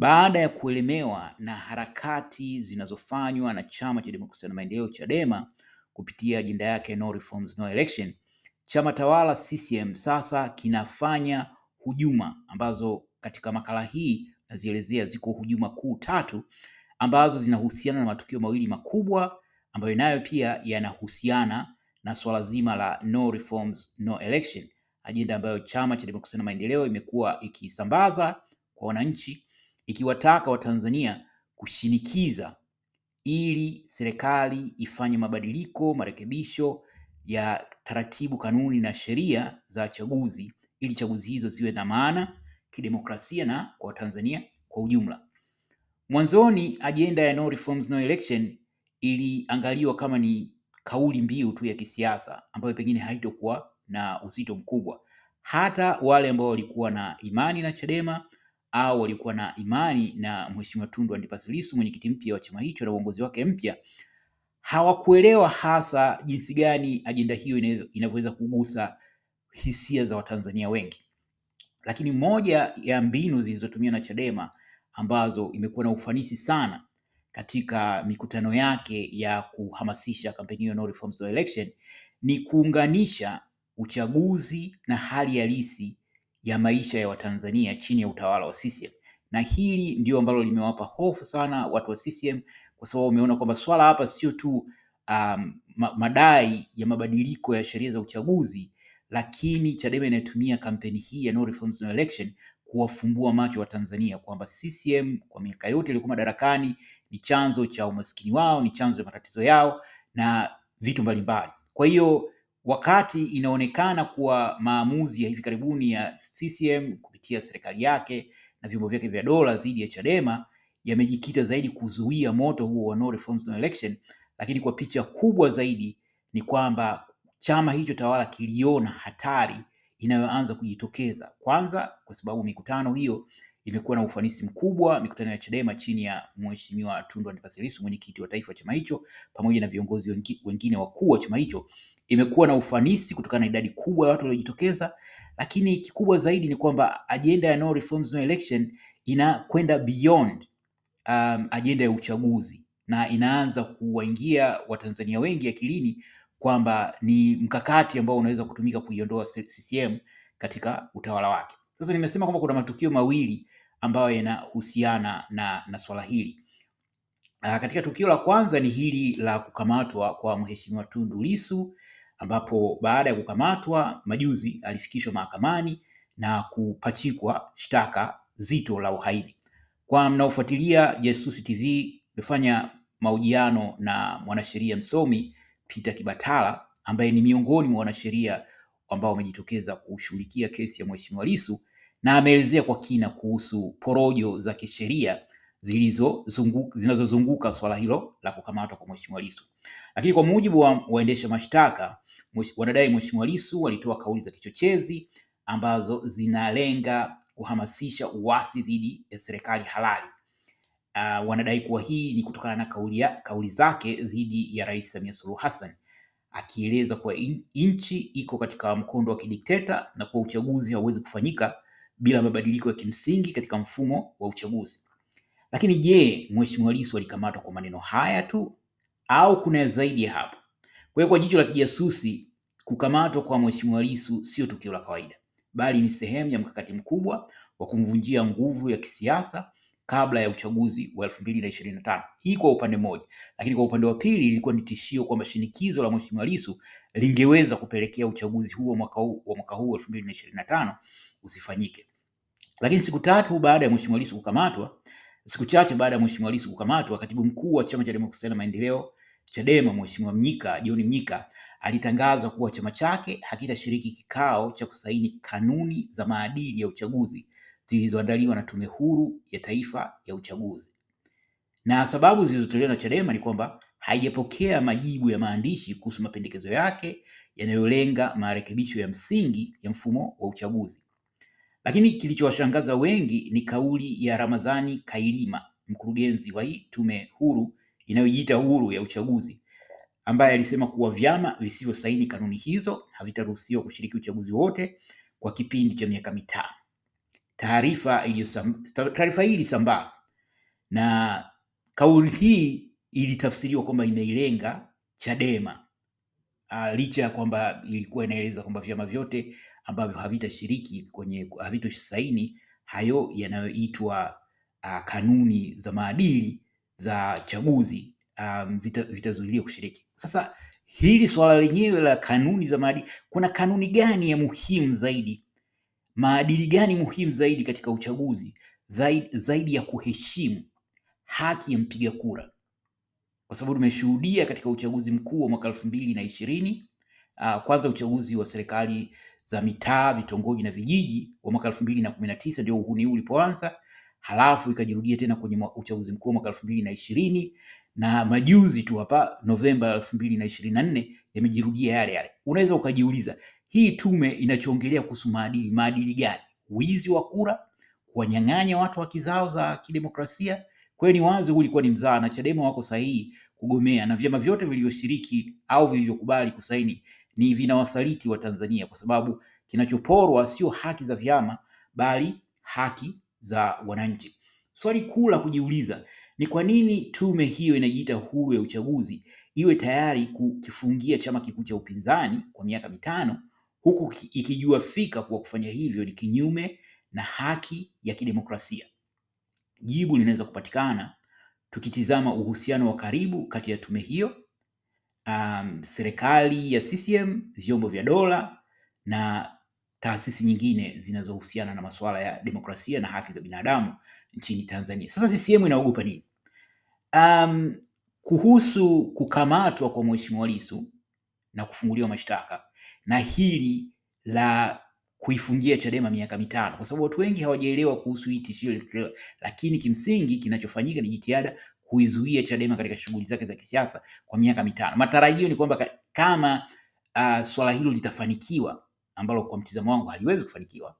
Baada ya kuelemewa na harakati zinazofanywa na Chama cha Demokrasia na Maendeleo Chadema kupitia ajenda yake no reforms, no election, chama tawala CCM sasa kinafanya hujuma ambazo katika makala hii nazielezea, ziko hujuma kuu tatu ambazo zinahusiana na matukio mawili makubwa ambayo nayo pia yanahusiana na swala zima la no reforms, no election, ajenda ambayo Chama cha Demokrasia na Maendeleo imekuwa ikiisambaza kwa wananchi ikiwataka Watanzania kushinikiza ili serikali ifanye mabadiliko, marekebisho ya taratibu, kanuni na sheria za chaguzi ili chaguzi hizo ziwe na maana kidemokrasia na kwa Watanzania kwa ujumla. Mwanzoni ajenda ya no reforms no election iliangaliwa kama ni kauli mbiu tu ya kisiasa ambayo pengine haitokuwa na uzito mkubwa. Hata wale ambao walikuwa na imani na Chadema au walikuwa na imani na Mheshimiwa Tundu Antipas Lissu, mwenyekiti mpya wa chama hicho na uongozi wake mpya, hawakuelewa hasa jinsi gani ajenda hiyo inavyoweza kugusa hisia za Watanzania wengi. Lakini moja ya mbinu zilizotumia na Chadema ambazo imekuwa na ufanisi sana katika mikutano yake ya kuhamasisha kampeni hiyo No Reforms No Election ni kuunganisha uchaguzi na hali halisi ya maisha ya Watanzania chini ya utawala wa CCM, na hili ndio ambalo limewapa hofu sana watu wa CCM, kwa sababu wameona kwamba swala hapa sio tu um, madai ya mabadiliko ya sheria za uchaguzi, lakini Chadema inatumia kampeni hii ya no reforms no election kuwafumbua macho wa Tanzania kwamba CCM kwa miaka yote ilikuwa madarakani ni chanzo cha umaskini wao, ni chanzo cha matatizo yao na vitu mbalimbali. Kwa hiyo wakati inaonekana kuwa maamuzi ya hivi karibuni ya CCM kupitia serikali yake na vyombo vyake vya dola dhidi ya Chadema yamejikita zaidi kuzuia moto huo wa no reforms no election, lakini kwa picha kubwa zaidi ni kwamba chama hicho tawala kiliona hatari inayoanza kujitokeza. Kwanza kwa sababu mikutano hiyo imekuwa na ufanisi mkubwa, mikutano ya Chadema chini ya Mheshimiwa Tundu Antipas Lissu, mwenyekiti wa taifa wa chama hicho, pamoja na viongozi wengine wakuu wa chama hicho imekuwa na ufanisi kutokana na idadi kubwa ya watu waliojitokeza, lakini kikubwa zaidi ni kwamba ajenda ya no reforms no election inakwenda beyond um, ajenda ya uchaguzi na inaanza kuwaingia Watanzania wengi akilini kwamba ni mkakati ambao unaweza kutumika kuiondoa CCM katika utawala wake. Sasa nimesema kwamba kuna matukio mawili ambayo yanahusiana na, na swala hili. Uh, katika tukio la kwanza ni hili la kukamatwa kwa Mheshimiwa Tundu Lissu ambapo baada ya kukamatwa majuzi alifikishwa mahakamani na kupachikwa shtaka zito la uhaini. Kwa mnaofuatilia Jasusi TV imefanya mahojiano na mwanasheria msomi Peter Kibatala ambaye ni miongoni mwa wanasheria ambao wamejitokeza kushughulikia kesi ya Mheshimiwa Lissu na ameelezea kwa kina kuhusu porojo za kisheria zinazozunguka swala hilo la kukamatwa kwa Mheshimiwa Lissu. Lakini kwa mujibu wa waendesha mashtaka wanadai Mheshimiwa Lissu alitoa kauli za kichochezi ambazo zinalenga kuhamasisha uasi dhidi ya serikali halali. Uh, wanadai kuwa hii ni kutokana na kauli, ya, kauli zake dhidi ya Rais Samia Suluhu Hassan akieleza kuwa in, nchi iko katika mkondo wa kidikteta na kuwa uchaguzi hauwezi kufanyika bila mabadiliko ya kimsingi katika mfumo wa uchaguzi. Lakini je, Mheshimiwa Lissu alikamatwa kwa maneno haya tu au kuna zaidi ya hapo? kwa jicho la kijasusi, kukamatwa kwa Mheshimiwa Lissu sio tukio la kawaida, bali ni sehemu ya mkakati mkubwa wa kumvunjia nguvu ya kisiasa kabla ya uchaguzi wa 2025. Hii kwa upande mmoja, lakini kwa upande wa pili ilikuwa ni tishio kwamba shinikizo la Mheshimiwa Lissu lingeweza kupelekea uchaguzi huo mwaka huu wa mwaka huu 2025 usifanyike. Lakini siku tatu baada ya Mheshimiwa Lissu kukamatwa, siku chache baada ya Mheshimiwa Lissu kukamatwa, katibu mkuu wa Chama cha Demokrasia na Maendeleo Chadema Mheshimiwa Mnyika John Mnyika alitangaza kuwa chama chake hakitashiriki kikao cha kusaini kanuni za maadili ya uchaguzi zilizoandaliwa na Tume Huru ya Taifa ya Uchaguzi, na sababu zilizotolewa na Chadema ni kwamba haijapokea majibu ya maandishi kuhusu mapendekezo yake yanayolenga marekebisho ya msingi ya mfumo wa uchaguzi. Lakini kilichowashangaza wengi ni kauli ya Ramadhani Kailima, mkurugenzi wa hii Tume Huru inayojiita huru ya uchaguzi ambaye alisema kuwa vyama visivyosaini kanuni hizo havitaruhusiwa kushiriki uchaguzi wote kwa kipindi cha miaka mitano. Taarifa hii ilisambaa na kauli hii ilitafsiriwa kwamba imeilenga Chadema uh, licha ya kwamba ilikuwa inaeleza kwamba vyama vyote ambavyo havitashiriki kwenye havitosaini hayo yanayoitwa uh, kanuni za maadili za chaguzi um, zitazuiliwa kushiriki. Sasa hili swala lenyewe la kanuni za maadili, kuna kanuni gani ya muhimu zaidi, maadili gani muhimu zaidi katika uchaguzi zaidi, zaidi ya kuheshimu haki ya mpiga kura? Kwa sababu tumeshuhudia katika uchaguzi mkuu wa mwaka elfu mbili na ishirini uh, kwanza uchaguzi wa serikali za mitaa, vitongoji na vijiji wa mwaka elfu mbili na kumi na tisa ndio uhuni ulipoanza halafu ikajirudia tena kwenye uchaguzi mkuu wa mwaka elfu mbili na ishirini na majuzi tu hapa Novemba elfu mbili na ishirini na nne yamejirudia yale yale. Unaweza ukajiuliza hii tume inachoongelea kuhusu maadili, maadili gani? Wizi wa kura, kuwanyang'anya watu haki zao za kidemokrasia. Kwa ni wazi huu ulikuwa ni mzaa na Chadema wako sahihi kugomea, na vyama vyote vilivyoshiriki au vilivyokubali kusaini ni vinawasaliti wa Tanzania, kwa sababu kinachoporwa sio haki za vyama bali haki za wananchi. Swali kuu la kujiuliza ni kwa nini tume hiyo inajiita huru ya uchaguzi iwe tayari kukifungia chama kikuu cha upinzani kwa miaka mitano huku ikijua fika kuwa kufanya hivyo ni kinyume na haki ya kidemokrasia. Jibu linaweza kupatikana tukitizama uhusiano wa karibu kati ya tume hiyo, um, serikali ya CCM, vyombo vya dola na taasisi nyingine zinazohusiana na masuala ya demokrasia na haki za binadamu nchini Tanzania. Sasa CCM inaogopa nini? Um, kuhusu kukamatwa kwa Mheshimiwa Lissu na kufunguliwa mashtaka na hili la kuifungia Chadema miaka mitano, kwa sababu watu wengi hawajaelewa kuhusu hii tishio, lakini kimsingi kinachofanyika ni jitihada kuizuia Chadema katika shughuli zake za kisiasa kwa miaka mitano. Matarajio ni kwamba kama uh, swala hilo litafanikiwa ambalo kwa mtizamo wangu haliwezi kufanikiwa,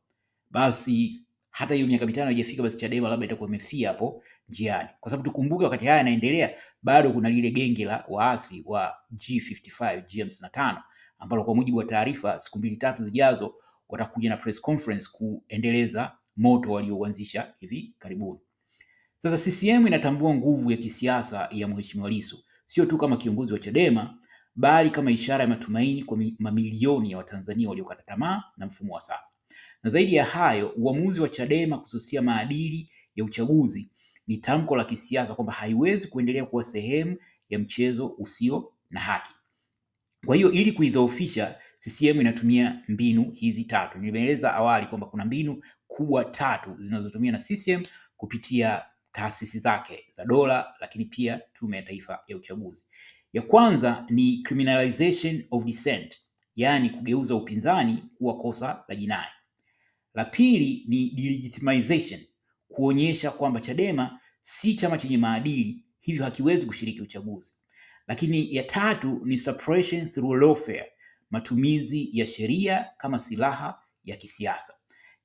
basi hata hiyo miaka mitano haijafika, basi Chadema labda itakuwa imefia hapo njiani, kwa sababu tukumbuke, wakati haya yanaendelea, bado kuna lile genge la waasi wa G55 G55 ambalo kwa mujibu wa taarifa, siku mbili tatu zijazo watakuja na press conference kuendeleza moto waliouanzisha hivi karibuni. Sasa CCM inatambua nguvu ya kisiasa ya Mheshimiwa Lissu sio tu kama kiongozi wa Chadema bali kama ishara ya matumaini kwa mamilioni ya Watanzania waliokata tamaa na mfumo wa sasa. Na zaidi ya hayo, uamuzi wa Chadema kususia maadili ya uchaguzi ni tamko la kisiasa kwamba haiwezi kuendelea kuwa sehemu ya mchezo usio na haki. Kwa hiyo ili kuidhoofisha CCM inatumia mbinu hizi tatu. Nimeeleza awali kwamba kuna mbinu kubwa tatu zinazotumia na CCM kupitia taasisi zake za dola, lakini pia Tume ya Taifa ya Uchaguzi. Ya kwanza ni criminalization of dissent, yaani kugeuza upinzani kuwa kosa la jinai. La pili ni delegitimization, kuonyesha kwamba Chadema si chama chenye maadili, hivyo hakiwezi kushiriki uchaguzi. Lakini ya tatu ni suppression through lawfare, matumizi ya sheria kama silaha ya kisiasa.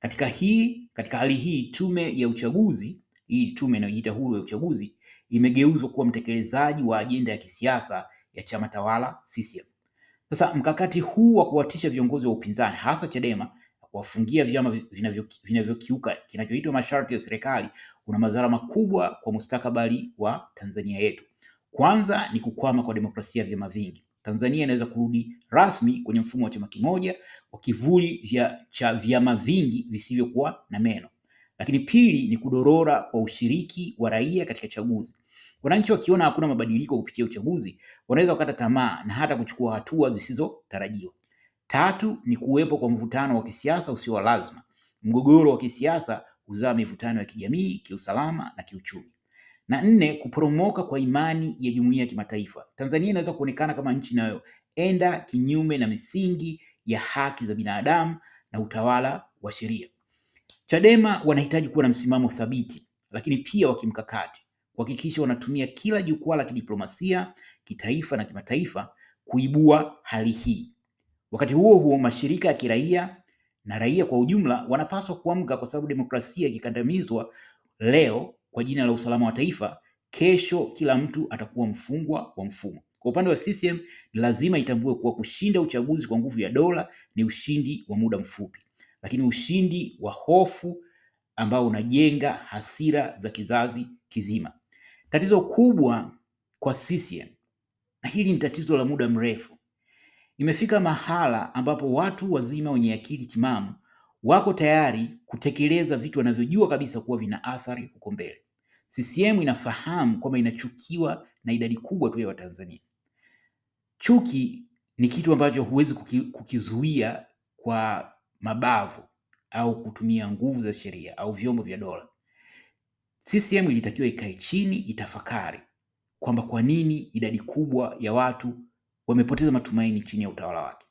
Katika hii katika hali hii tume ya uchaguzi hii tume inayojiita huru ya uchaguzi imegeuzwa kuwa mtekelezaji wa ajenda ya kisiasa ya chama tawala CCM. Sasa mkakati huu wa kuwatisha viongozi wa upinzani hasa Chadema na kuwafungia vyama vinavyokiuka kinachoitwa masharti ya serikali una madhara makubwa kwa mustakabali wa Tanzania yetu. Kwanza ni kukwama kwa demokrasia ya vyama vingi. Tanzania inaweza kurudi rasmi kwenye mfumo wa chama kimoja kwa kivuli vya, cha vyama vingi visivyokuwa na meno. Lakini pili ni kudorora kwa ushiriki wa raia katika chaguzi. Wananchi wakiona hakuna mabadiliko kupitia uchaguzi, wanaweza kukata tamaa na hata kuchukua hatua zisizotarajiwa. Tatu ni kuwepo kwa mvutano wa kisiasa usio lazima. Mgogoro wa kisiasa huzaa mivutano ya kijamii, kiusalama na kiuchumi. Na nne, kuporomoka kwa imani ya jumuiya ya kimataifa. Tanzania inaweza kuonekana kama nchi inayoenda kinyume na misingi ya haki za binadamu na utawala wa sheria. Chadema wanahitaji kuwa na msimamo thabiti, lakini pia wa kimkakati kuhakikisha wanatumia kila jukwaa la kidiplomasia, kitaifa na kimataifa kuibua hali hii. Wakati huo huo, mashirika ya kiraia na raia kwa ujumla wanapaswa kuamka, kwa sababu demokrasia ikikandamizwa leo kwa jina la usalama wa taifa, kesho kila mtu atakuwa mfungwa wa mfumo. Kwa upande wa CCM ni lazima itambue kuwa kushinda uchaguzi kwa nguvu ya dola ni ushindi wa muda mfupi, lakini ushindi wa hofu ambao unajenga hasira za kizazi kizima. Tatizo kubwa kwa CCM, na hili ni tatizo la muda mrefu, imefika mahala ambapo watu wazima wenye akili timamu wako tayari kutekeleza vitu wanavyojua kabisa kuwa vina athari huko mbele. CCM inafahamu kwamba inachukiwa na idadi kubwa tu ya Watanzania. Chuki ni kitu ambacho huwezi kukizuia kwa mabavu au kutumia nguvu za sheria au vyombo vya dola, CCM ilitakiwa ikae chini itafakari kwamba kwa nini idadi kubwa ya watu wamepoteza matumaini chini ya utawala wake.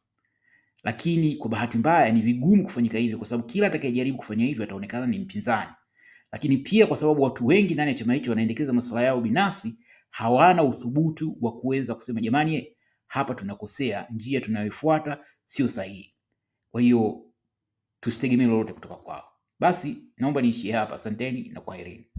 Lakini kwa bahati mbaya ni vigumu kufanyika hivyo, kwa sababu kila atakayejaribu kufanya hivyo ataonekana ni mpinzani. Lakini pia kwa sababu watu wengi ndani ya chama hicho wanaendekeza masuala yao binafsi, hawana uthubutu wa kuweza kusema jamani, eh, hapa tunakosea, njia tunayoifuata sio sahihi. Kwa hiyo tusitegemee lolote kutoka kwao. Basi naomba niishie hapa. Asanteni na kwaherini.